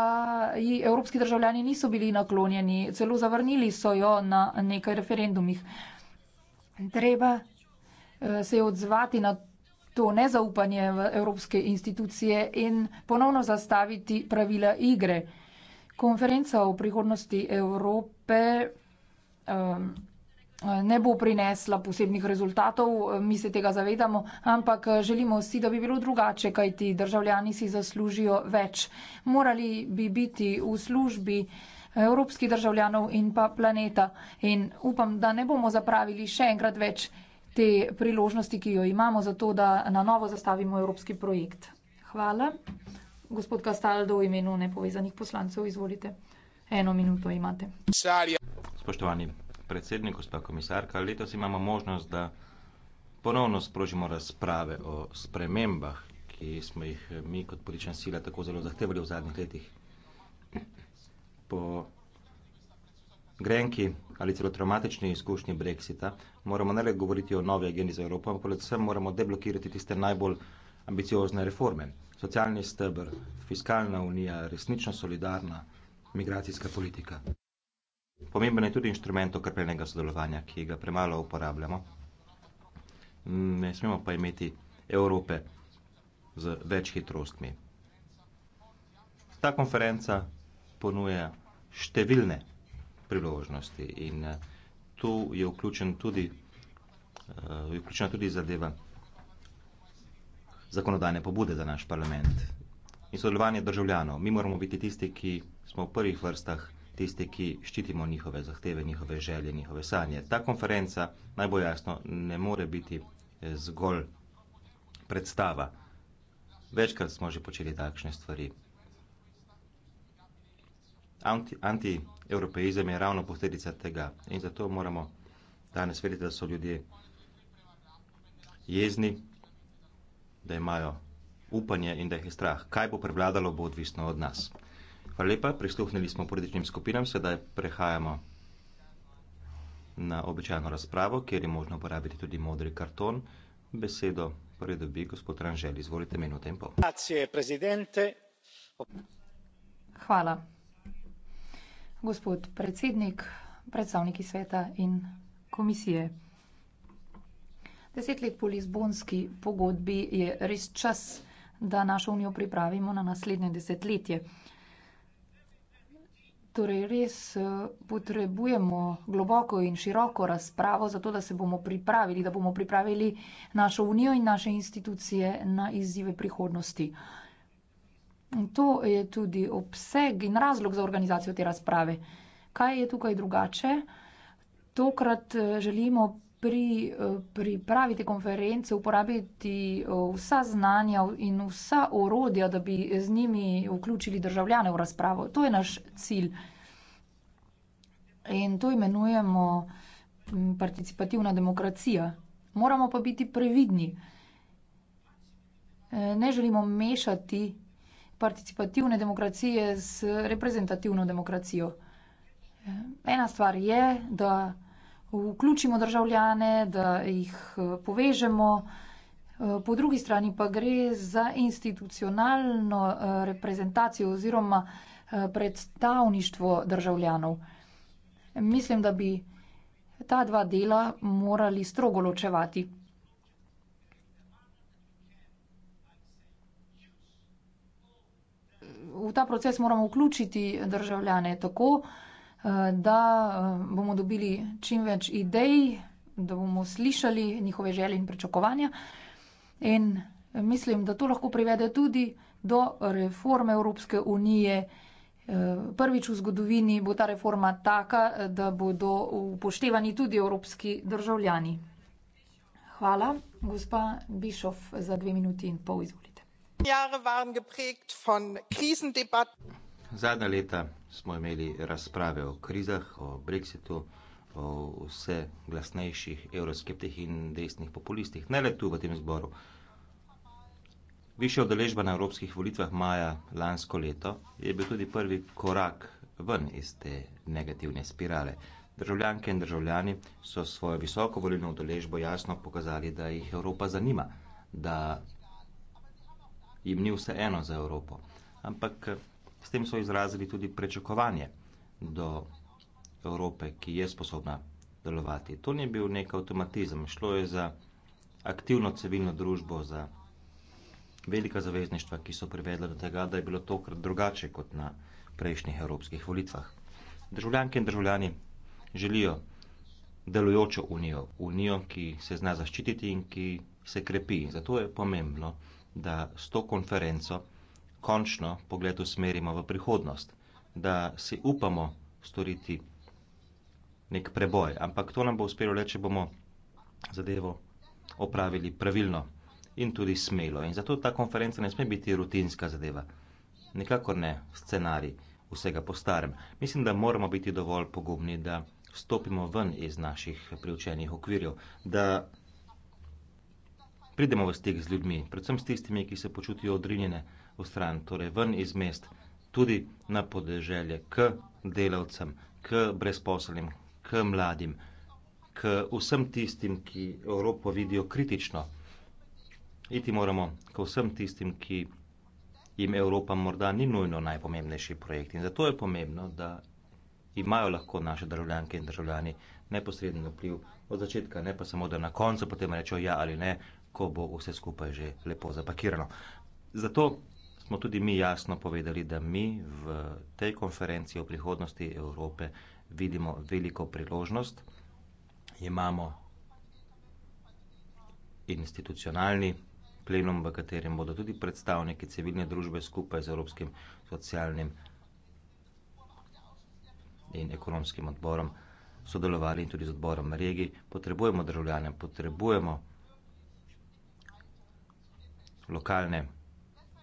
ji evropski državljani niso bili naklonjeni. Celo zavrnili so jo na nekaj referendumih. Treba eh, se je odzvati na to nezaupanje v evropske institucije in ponovno zastaviti pravila igre. Konferenca o prihodnosti Evrope um, ne bo prinesla posebnih rezultatov, mi se tega zavedamo, ampak želimo vsi, da bi bilo drugače, kajti državljani si zaslužijo več. Morali bi biti v službi evropskih državljanov in pa planeta. In upam, da ne bomo zapravili še enkrat več te priložnosti, ki jo imamo, zato da na novo zastavimo evropski projekt. Hvala. Gospod Kastaldo, v imenu nepovezanih poslancev, izvolite. Eno minuto imate. Spoštovani predsednik, gospa komisarka, letos imamo možnost, da ponovno sprožimo razprave o spremembah, ki smo jih eh, mi kot politična sila tako zelo zahtevali v zadnjih letih. Po grenki ali celo traumatični izkušnji Brexita moramo ne le govoriti o novi agendi za Evropo, ampak predvsem moramo deblokirati tiste najbolj ambiciozne reforme. Socialni stebr, fiskalna unija, resnično solidarna, migracijska politika. Pomemben je tudi inštrument okrepljenega sodelovanja, ki ga premalo uporabljamo. Ne smemo pa imeti Evrope z več hitrostmi. Ta konferenca ponuja številne priložnosti in eh, tu je vključen tudi, eh, je vključena tudi zadeva zakonodajne pobude za naš parlament in sodelovanje državljanov. Mi moramo biti tisti, ki smo v prvih vrstah tiste, ki ščitimo njihove zahteve, njihove želje, njihove sanje. Ta konferenca, naj bo jasno, ne more biti eh, zgolj predstava. Večkrat smo že počeli takšne stvari. Anti-evropeizem anti je ravno posledica tega in zato moramo danes vedeti, da so ljudje jezni, da imajo upanje in da jih je strah. Kaj bo prevladalo, bo odvisno od nas. Hvala lepa, prisluhnili smo političnim skupinam, sedaj prehajamo na običajno razpravo, kjer je možno uporabiti tudi modri karton. Besedo prvi dobi gospod Ranžel, izvolite, minuta in pol. Hvala. Gospod predsednik, predstavniki sveta in komisije. Deset let po Lizbonski pogodbi je res čas, da našo unijo pripravimo na naslednje desetletje. Torej, res eh, potrebujemo globoko in široko razpravo, zato da se bomo pripravili, da bomo pripravili našo unijo in naše institucije na izzive prihodnosti. To je tudi obseg in razlog za organizacijo te razprave. Kaj je tukaj drugače? Tokrat eh, želimo pri eh, pripravi te konference uporabiti eh, vsa znanja in vsa orodja, da bi z njimi vključili državljane v razpravo. To je naš cilj. In to imenujemo mm, participativna demokracija. Moramo pa biti previdni. Eh, ne želimo mešati participativne demokracije s reprezentativno demokracijo. Ena stvar je, da vključimo državljane, da jih eh, povežemo. Eh, po drugi strani pa gre za institucionalno eh, reprezentacijo oziroma predstavništvo državljanov. Mislim, da bi ta dva dela morali strogo ločevati. V ta proces moramo vključiti državljane tako, Eh, da eh, bomo dobili čim več idej, da bomo slišali njihove želje in pričakovanja. In mislim, da to lahko privede tudi do reforme Evropske unije. Eh, prvič v zgodovini bo ta reforma taka, da bodo upoštevani tudi evropski državljani. Hvala, gospa Bišov, za dve minuti in pol izvolite. Zadnja leta smo imeli razprave o krizah, o Brexitu, o vse glasnejših evroskeptih in desnih populistih, ne le tu v tem zboru. Višja odeležba na evropskih volitvah maja lansko leto je bil tudi prvi korak ven iz te negativne spirale. Državljanke in državljani so svojo visoko volilno odeležbo jasno pokazali, da jih Evropa zanima, da jim ni vse eno za Evropo. Ampak S tem so izrazili tudi prečakovanje do Evrope, ki je sposobna delovati. To ni bil nek avtomatizem, šlo je za aktivno civilno družbo, za velika zavezništva, ki so privedla do tega, da je bilo tokrat drugače kot na prejšnjih evropskih volitvah. Državljanke in državljani želijo delujočo unijo, unijo, ki se zna zaščititi in ki se krepi. Zato je pomembno, da s to konferenco končno pogled usmerimo v prihodnost, da si upamo storiti nek preboj. Ampak to nam bo uspelo le, če bomo zadevo opravili pravilno in tudi smelo. In zato ta konferenca ne sme biti rutinska zadeva, nikakor ne scenarij vsega po starem. Mislim, da moramo biti dovolj pogumni, da stopimo ven iz naših priučenih okvirjev, da pridemo v stik z ljudmi, predvsem s tistimi, ki se počutijo odrinjene v stran, torej ven iz mest, tudi na podeželje, k delavcem, k brezposelnim, k mladim, k vsem tistim, ki Evropo vidijo kritično. Iti moramo k vsem tistim, ki jim Evropa morda ni nujno najpomembnejši projekt. In zato je pomembno, da imajo lahko naše državljanke in državljani neposreden vpliv od začetka, ne pa samo, da na koncu potem rečejo ja ali ne, ko bo vse skupaj že lepo zapakirano. Zato smo tudi mi jasno povedali, da mi v tej konferenci o prihodnosti Evrope vidimo veliko priložnost. Imamo institucionalni plenum, v katerem bodo tudi predstavniki civilne družbe skupaj z Evropskim socialnim in ekonomskim odborom sodelovali in tudi z odborom regij. Potrebujemo državljane, potrebujemo lokalne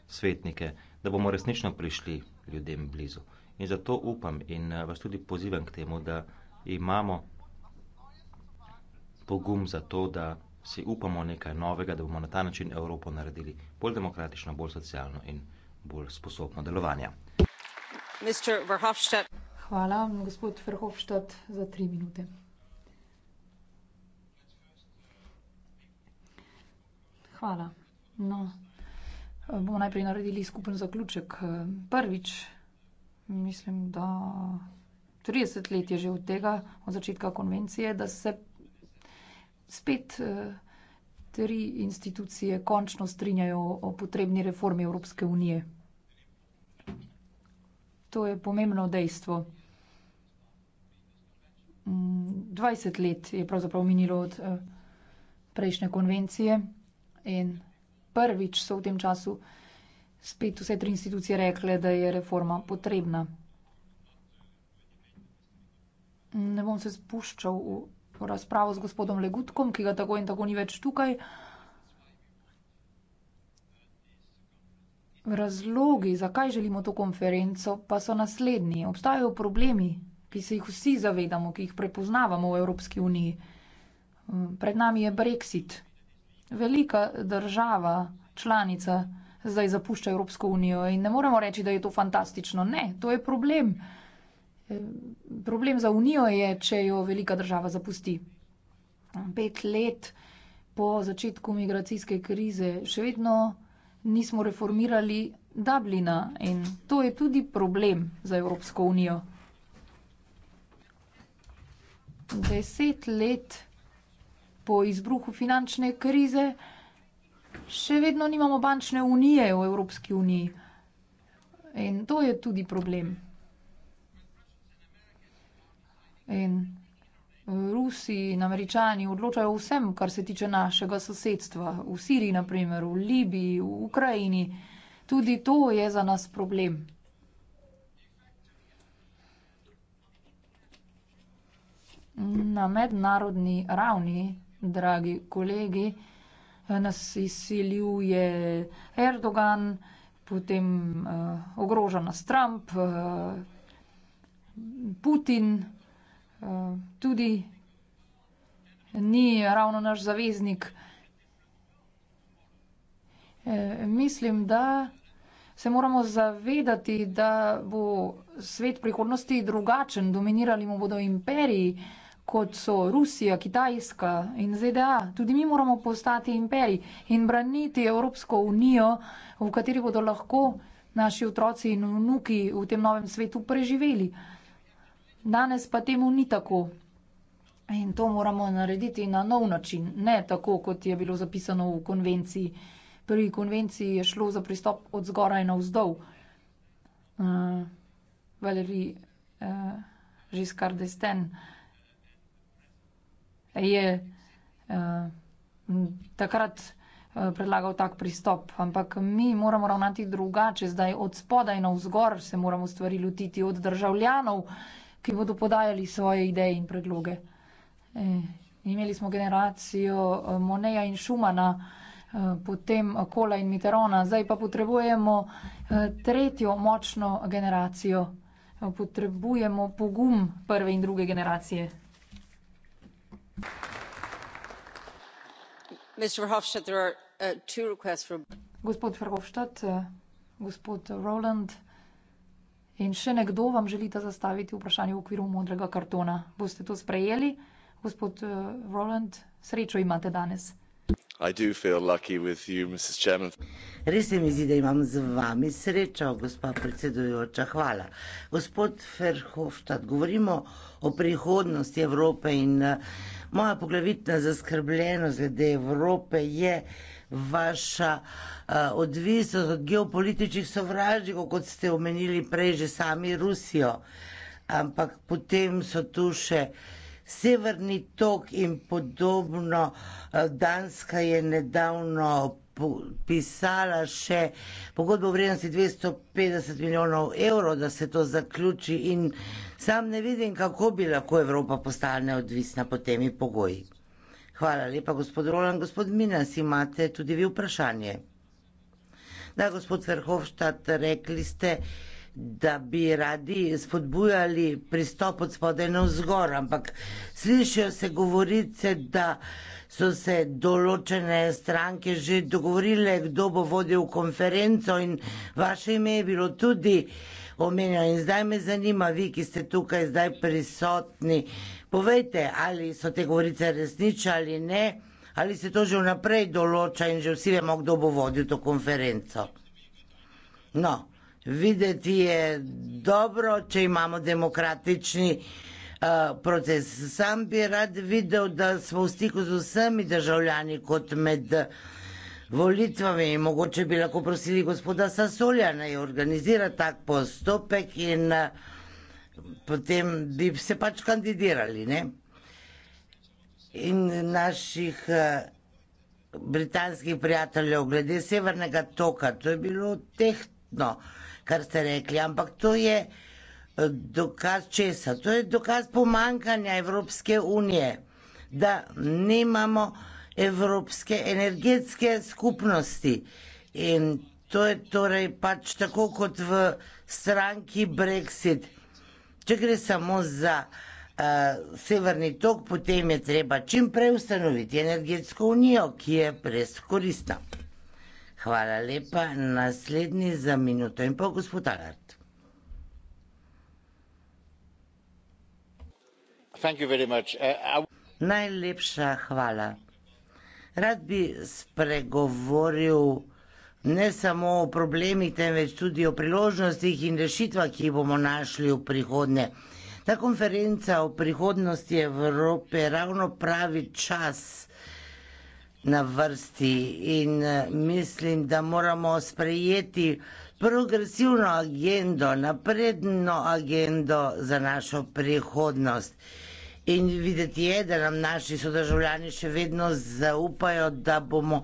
svetnike, da bomo resnično prišli ljudem blizu. In zato upam in eh, vas tudi pozivam k temu, da imamo pogum za to, da si upamo nekaj novega, da bomo na ta način Evropo naredili bolj demokratično, bolj socialno in bolj sposobno delovanja. Hvala, gospod Verhofstadt, za tri minute. Hvala. No bomo najprej naredili skupen zaključek. Prvič, mislim, da 30 let je že od tega, od začetka konvencije, da se spet tri institucije končno strinjajo o potrebni reformi Evropske unije. To je pomembno dejstvo. 20 let je pravzaprav minilo od prejšnje konvencije in prvič so v tem času spet vse tri institucije rekle, da je reforma potrebna. Ne bom se spuščal v razpravo z gospodom Legutkom, ki ga tako in tako ni več tukaj. Razlogi, zakaj želimo to konferenco, pa so naslednji. Obstajajo problemi, ki se jih vsi zavedamo, ki jih prepoznavamo v Evropski uniji. Pred nami je Brexit, velika država, članica, zdaj zapušča Evropsko unijo in ne moremo reči, da je to fantastično. Ne, to je problem. Eh, problem za unijo je, če jo velika država zapusti. Pet let po začetku migracijske krize še vedno nismo reformirali Dublina in to je tudi problem za Evropsko unijo. Deset let po izbruhu finančne krize, še vedno nimamo bančne unije v Evropski uniji. In to je tudi problem. In Rusi in američani odločajo vsem, kar se tiče našega sosedstva, v Siriji, naprimer, v Libiji, v Ukrajini. Tudi to je za nas problem. Na mednarodni ravni dragi kolegi, eh, nas izsiljuje Erdogan, potem eh, ogroža nas Trump, eh, Putin, tudi ni ravno naš zaveznik. Mislim, da se moramo zavedati, da bo svet prihodnosti drugačen, dominirali mu bodo imperiji, kot so Rusija, Kitajska in ZDA. Tudi mi moramo postati imperij in braniti Evropsko unijo, v kateri bodo lahko naši otroci in vnuki v tem novem svetu preživeli. Danes pa temu ni tako. In to moramo narediti na nov način, ne tako, kot je bilo zapisano v konvenciji. Prvi konvenciji je šlo za pristop od zgoraj na vzdolj. Uh, eh, Valeri uh, eh, Žiskar Desten. Uh, je uh, takrat uh, predlagal tak pristop. Ampak mi moramo ravnati drugače, zdaj od spodaj na vzgor se moramo stvari lotiti od državljanov, ki bodo podajali svoje ideje in predloge. E, imeli smo generacijo uh, Moneja in Šumana, uh, potem Kola in Mitterona, zdaj pa potrebujemo uh, tretjo močno generacijo. Potrebujemo pogum prve in druge generacije. Uh, gospod verhofstadt uh, gospod roland in še nekdo vam želita zastaviti vprašanje v okviru modrega kartona boste to sprejeli gospod uh, roland srečo imate danes res se mi zdi da imam z vami srečo gospa predsedujoča hvala gospod verhofstadt govorimo o prihodnosti evrope in eh, moja poglavitna zaskrbljenost glede evrope je vaša uh, odvisnost od geopolitičnih sovražnikov kot ste omenili prej že sami rusijo ampak potem so tu še Severni tok in podobno, eh, Danska je nedavno pisala še pogodbo vrednosti 250 milijonov evrov, da se to zaključi in sam ne vidim, kako bi lahko Evropa postala neodvisna po temi pogoji. Hvala lepa, gospod Roland. Gospod Minas, imate tudi vi vprašanje. Da, gospod Verhofštat, rekli ste, da bi radi spodbujali pristop od spodaj na vzgor, ampak slišijo se govorice, da so se določene stranke že dogovorile, kdo bo vodil konferenco in vaše ime je bilo tudi omenjeno. In zdaj me zanima, vi, ki ste tukaj zdaj prisotni, povejte, ali so te govorice resnične ali ne, ali se to že vnaprej določa in že vsi vemo, kdo bo vodil to konferenco. No videti je dobro če imamo demokratični eh, proces. Sam bi rad videl, da smo v stiku z vsemi državljani kot med volitvami. Mogoče bi lahko prosili gospoda Sasolja, da je organizira tak postopek in potem bi se pač kandidirali. Ne? In naših eh, britanskih prijateljev glede severnega toka, to je bilo tehtno kar ste rekli, ampak to je eh, dokaz česa. To je dokaz pomankanja Evropske unije, da nimamo Evropske energetske skupnosti. In to je torej pač tako kot v stranki Brexit. Če gre samo za uh, severni tok, potem je treba čimprej ustanoviti energetsko unijo, ki je preskoristna. Hvala lepa. Naslednji za minuto in pol, gospod Agard. Uh, Najlepša hvala. Rad bi spregovoril ne samo o problemih, temveč tudi o priložnostih in rešitvah, ki jih bomo našli v prihodnje. Ta konferenca o prihodnosti Evrope je ravno pravi čas, na vrsti in eh, mislim, da moramo sprejeti progresivno agendo, napredno agendo za našo prihodnost. In videti je, da nam naši sodržavljani še vedno zaupajo, da bomo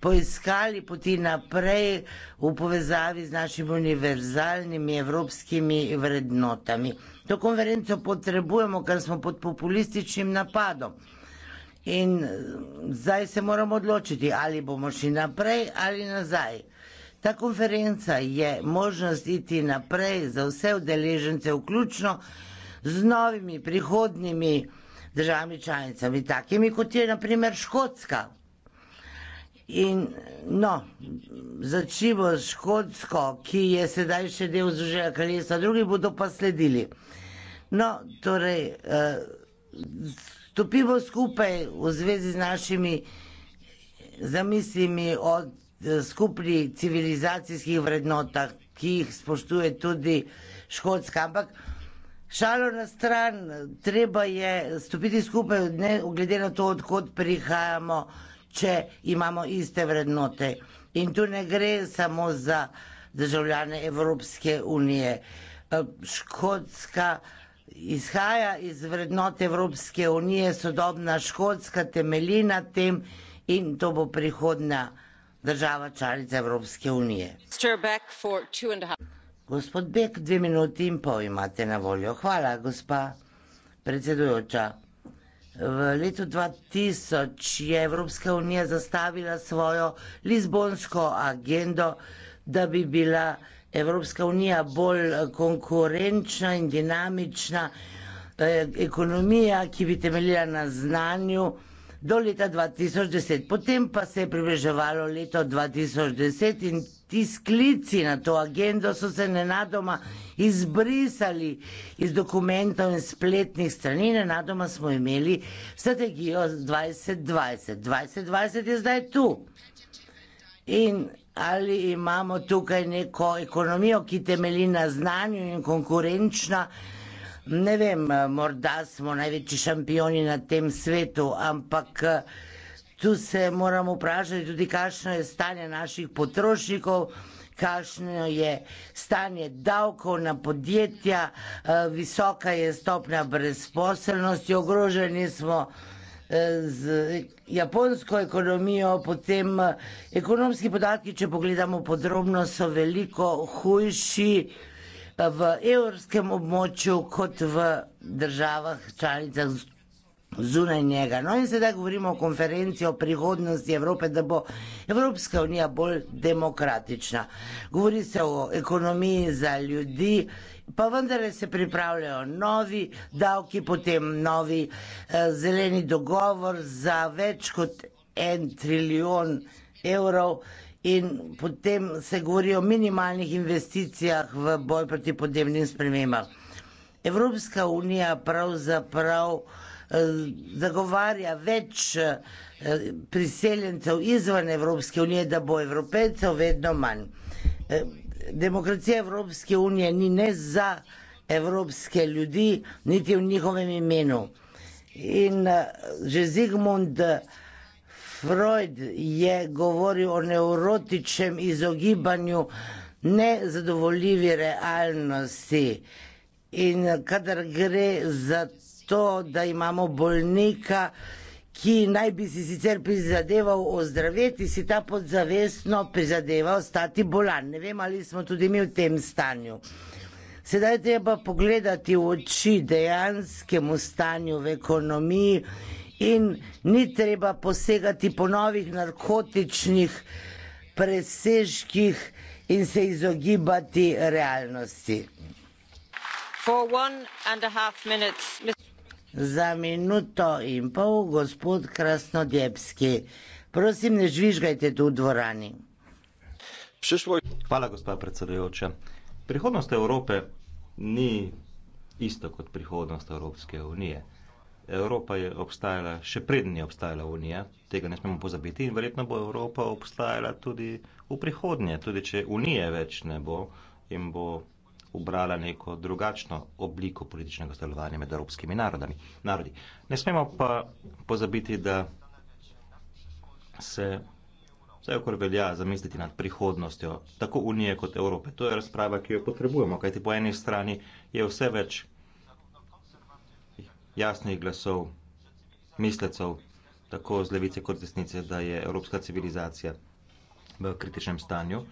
poiskali poti naprej v povezavi z našimi univerzalnimi evropskimi vrednotami. To konferenco potrebujemo, ker smo pod populističnim napadom. In eh, zdaj se moramo odločiti, ali bomo šli naprej ali nazaj. Ta konferenca je možnost iti naprej za vse udeležence, vključno z novimi prihodnimi državami članicami, takimi kot je naprimer Škotska. In no, začnimo s Škotsko, ki je sedaj še del Združenega kraljestva, drugi bodo pa sledili. No, torej, eh, stopimo skupaj v zvezi z našimi zamislimi o eh, skupnih civilizacijskih vrednotah, ki jih spoštuje tudi Škotska. Ampak šalo na stran, treba je stopiti skupaj, ne glede na to, odkot prihajamo, če imamo iste vrednote. In tu ne gre samo za državljane Evropske unije. Eh, Škotska izhaja iz vrednot Evropske unije, sodobna Škotska temelji na tem in to bo prihodnja država članica Evropske unije. Gospod Bek, dve minuti in pol imate na voljo. Hvala, gospa predsedujoča. V letu 2000 je Evropska unija zastavila svojo lizbonsko agendo, da bi bila Evropska unija bolj eh, konkurenčna in dinamična ekonomija, ki bi temeljila na znanju do leta 2010. Potem pa se je približevalo leto 2010 in ti sklici na to agendo so se nenadoma izbrisali iz dokumentov in spletnih strani. Nenadoma smo imeli strategijo 2020. 2020 je zdaj tu. In ali imamo tukaj neko ekonomijo, ki temelji na znanju in konkurenčna? Ne vem, morda smo največji šampioni na tem svetu, ampak tu se moramo vprašati tudi, kakšno je stanje naših potrošnikov, kakšno je stanje davkov na podjetja, visoka je stopnja brezposelnosti, ogroženi smo. Eh, z japonsko ekonomijo, potem eh, ekonomski podatki, če pogledamo podrobno, so veliko hujši eh, v evropskem območju kot v državah članicah zunaj njega. No in sedaj govorimo o konferenci o prihodnosti Evrope, da bo Evropska unija bolj demokratična. Govori se o ekonomiji za ljudi, pa vendarle se pripravljajo novi davki, potem novi eh, zeleni dogovor za več kot en trilijon evrov in potem se govori o minimalnih investicijah v boj proti podnebnim spremembam. Evropska unija pravzaprav eh, zagovarja več eh, priseljencev izven Evropske unije, da bo evropejcev vedno manj. Eh, demokracija Evropske unije ni ne za evropske ljudi, niti v njihovem imenu. In eh, že Zigmund Freud je govoril o neurotičnem izogibanju nezadovoljivi realnosti. In kadar gre za to, da imamo bolnika, ki naj bi si sicer prizadeval ozdraviti, si ta podzavestno prizadeval stati bolan. Ne vem, ali smo tudi mi v tem stanju. Sedaj treba pogledati v oči dejanskemu stanju v ekonomiji in ni treba posegati po novih narkotičnih presežkih in se izogibati realnosti. Za minuto in pol, gospod Krasnodjepski. Prosim, ne žvižgajte tu v dvorani. Hvala, gospa predsedujoča. Prihodnost Evrope ni isto kot prihodnost Evropske unije. Evropa je obstajala, še prednji je obstajala unija, tega ne smemo pozabiti in verjetno bo Evropa obstajala tudi v prihodnje, tudi če unije več ne bo in bo ubrala neko drugačno obliko političnega sodelovanja med evropskimi narodami, narodi. Ne smemo pa pozabiti, da se vse okor velja zamisliti nad prihodnostjo tako Unije kot Evrope. To je razprava, ki jo potrebujemo, kajti po eni strani je vse več jasnih glasov, mislecev, tako z levice kot z desnice, da je evropska civilizacija v kritičnem stanju.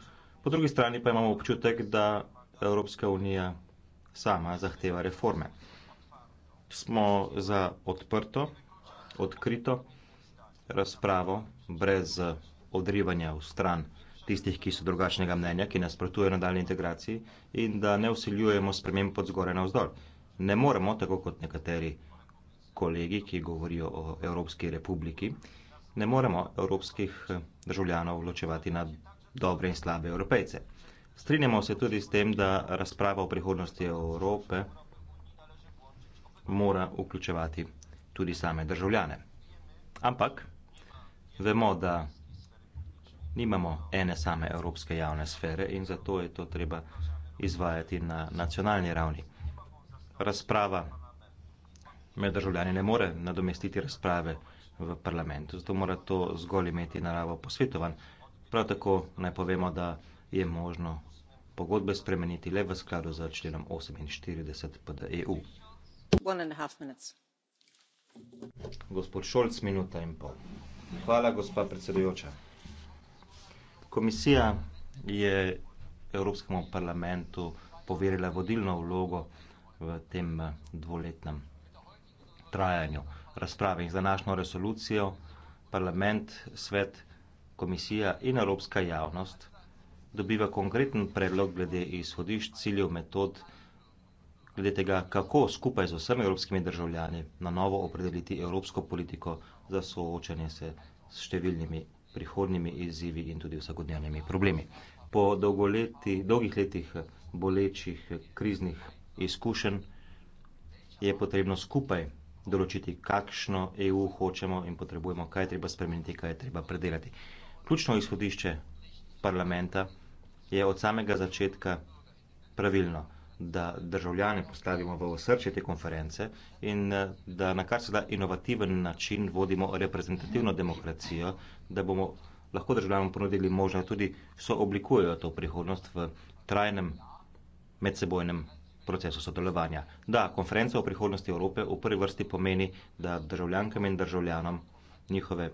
Po drugi strani pa imamo občutek, da Evropska unija sama zahteva reforme. Smo za odprto, odkrito razpravo, brez odrivanja v stran tistih, ki so drugačnega mnenja, ki nasprotuje nadaljni integraciji in da ne usiljujemo sprememb pod zgore na vzdolj. Ne moremo, tako kot nekateri kolegi, ki govorijo o Evropski republiki, ne moremo evropskih državljanov ločevati na dobre in slabe evropejce. Strinjamo se tudi s tem, da razprava o prihodnosti Evrope mora vključevati tudi same državljane. Ampak vemo, da nimamo ene same evropske javne sfere in zato je to treba izvajati na nacionalni ravni. Razprava med državljani ne more nadomestiti razprave v parlamentu, zato mora to zgolj imeti naravo posvetovan. Prav tako naj povemo, da je možno pogodbe spremeniti le v skladu z členom 48 PDEU. Gospod Šolc, minuta in pol. Hvala, gospa predsedujoča. Komisija je Evropskemu parlamentu poverila vodilno vlogo v tem eh, dvoletnem trajanju razprave. In z današnjo resolucijo parlament, svet, komisija in evropska javnost – dobiva konkreten predlog glede izhodišč, ciljev, metod, glede tega, kako skupaj z vsemi evropskimi državljani na novo opredeliti evropsko politiko za soočanje se s številnimi prihodnimi izzivi in tudi vsakodnevnimi problemi. Po dolgoleti, dolgih letih bolečih kriznih izkušenj je potrebno skupaj določiti, kakšno EU hočemo in potrebujemo, kaj je treba spremeniti, kaj je treba predelati. Ključno izhodišče parlamenta je od samega začetka pravilno, da državljane postavimo v osrčje te konference in eh, da na kar se da inovativen način vodimo reprezentativno demokracijo, da bomo lahko državljanom ponudili možnost, da tudi sooblikujejo to prihodnost v trajnem medsebojnem procesu sodelovanja. Da, konferenca o prihodnosti Evrope v prvi vrsti pomeni, da državljankam in državljanom njihove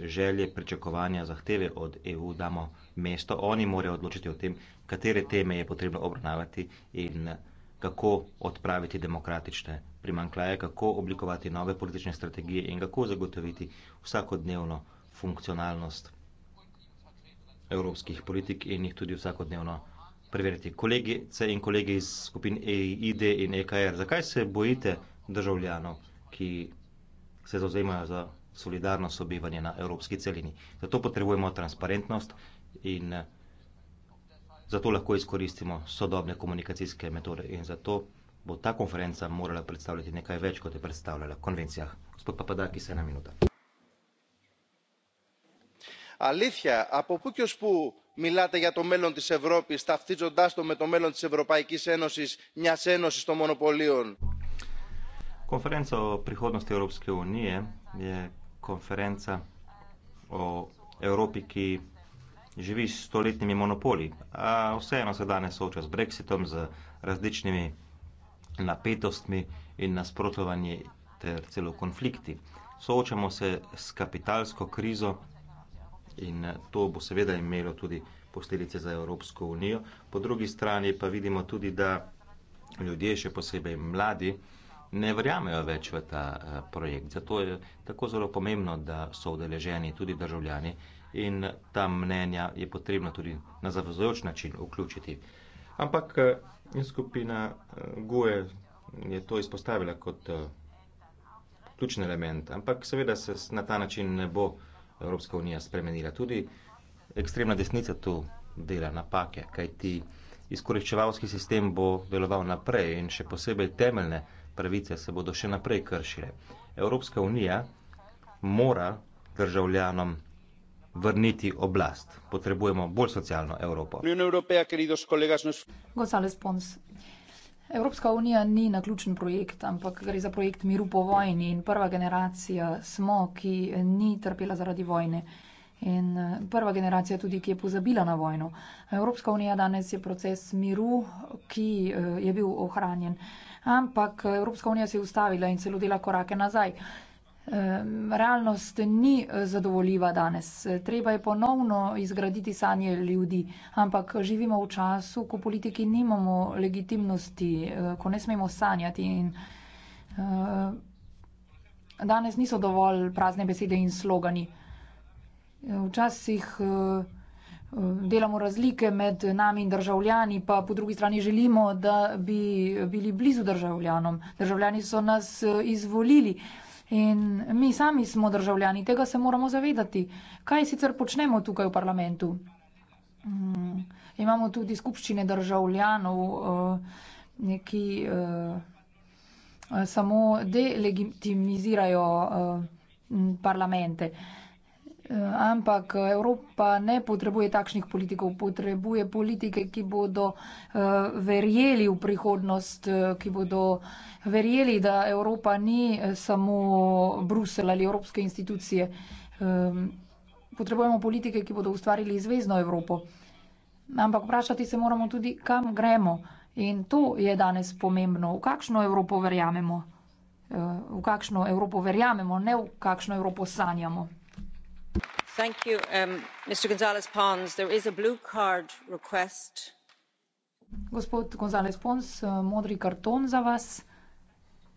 želje, pričakovanja, zahteve od EU damo mesto. Oni morajo odločiti o tem, katere teme je potrebno obravnavati in kako odpraviti demokratične primankljaje, kako oblikovati nove politične strategije in kako zagotoviti vsakodnevno funkcionalnost evropskih politik in jih tudi vsakodnevno preveriti. Kolegice in kolegi iz skupin EID in EKR, zakaj se bojite državljanov, ki se zauzemajo za solidarno sobivanje na evropski celini. Zato potrebujemo transparentnost in eh, zato lahko izkoristimo sodobne komunikacijske metode in zato bo ta konferenca morala predstavljati nekaj več, kot je predstavljala v konvencijah. Gospod Papadaki, se ena minuta. Αλήθεια, από πού και ως πού μιλάτε για το μέλλον της Ευρώπης, ταυτίζοντάς το με το μέλλον της Ευρωπαϊκής Ένωσης, μιας Ένωσης των Μονοπωλίων. Конференция о приходности Европейской Unии konferenca o Evropi, ki živi s stoletnimi monopoli. A vseeno se danes sooča z Brexitom, z različnimi napetostmi in nasprotovanji ter celo konflikti. Soočamo se s kapitalsko krizo in to bo seveda imelo tudi posledice za Evropsko unijo. Po drugi strani pa vidimo tudi, da ljudje, še posebej mladi, ne verjamejo več v ta eh, projekt. Zato je tako zelo pomembno, da so udeleženi tudi državljani in ta mnenja je potrebno tudi na zavezojoč način vključiti. Ampak eh, skupina eh, GUE je to izpostavila kot ključni element. Ampak seveda se na ta način ne bo Evropska unija spremenila. Tudi ekstremna desnica tu dela napake, kaj ti izkoriščevalski sistem bo deloval naprej in še posebej temeljne pravice se bodo še naprej kršile. Evropska unija mora državljanom vrniti oblast. Potrebujemo bolj socialno Evropo. Gonzales Pons. Evropska unija ni naključen projekt, ampak gre za projekt miru po vojni in prva generacija smo, ki ni trpela zaradi vojne in eh, prva generacija tudi, ki je pozabila na vojno. Evropska unija danes je proces miru, ki eh, je bil ohranjen, ampak eh, Evropska unija se je ustavila in celo dela korake nazaj. Realnost ni zadovoljiva danes. Treba je ponovno izgraditi sanje ljudi, ampak živimo v času, ko politiki nimamo legitimnosti, ko ne smemo sanjati. In, uh, danes niso dovolj prazne besede in slogani. Uh, včasih eh, eh, delamo razlike med nami in državljani, pa po drugi strani želimo, da bi bili blizu državljanom. Državljani so nas eh, izvolili. In mi sami smo državljani, tega se moramo zavedati. Kaj sicer počnemo tukaj v parlamentu? Mm, imamo tudi skupščine državljanov, ki samo delegitimizirajo parlamente. Ampak Evropa ne potrebuje takšnih politikov, potrebuje politike, ki bodo eh, verjeli v prihodnost, eh, ki bodo verjeli, da Evropa ni eh, samo Brusel ali evropske institucije. Ehm, potrebujemo politike, ki bodo ustvarili zvezdno Evropo. Ampak vprašati se moramo tudi, kam gremo. In to je danes pomembno, v kakšno Evropo verjamemo. V kakšno Evropo verjamemo, ne v kakšno Evropo sanjamo. Um, gospod gonzales pons uh, modri karton za vas.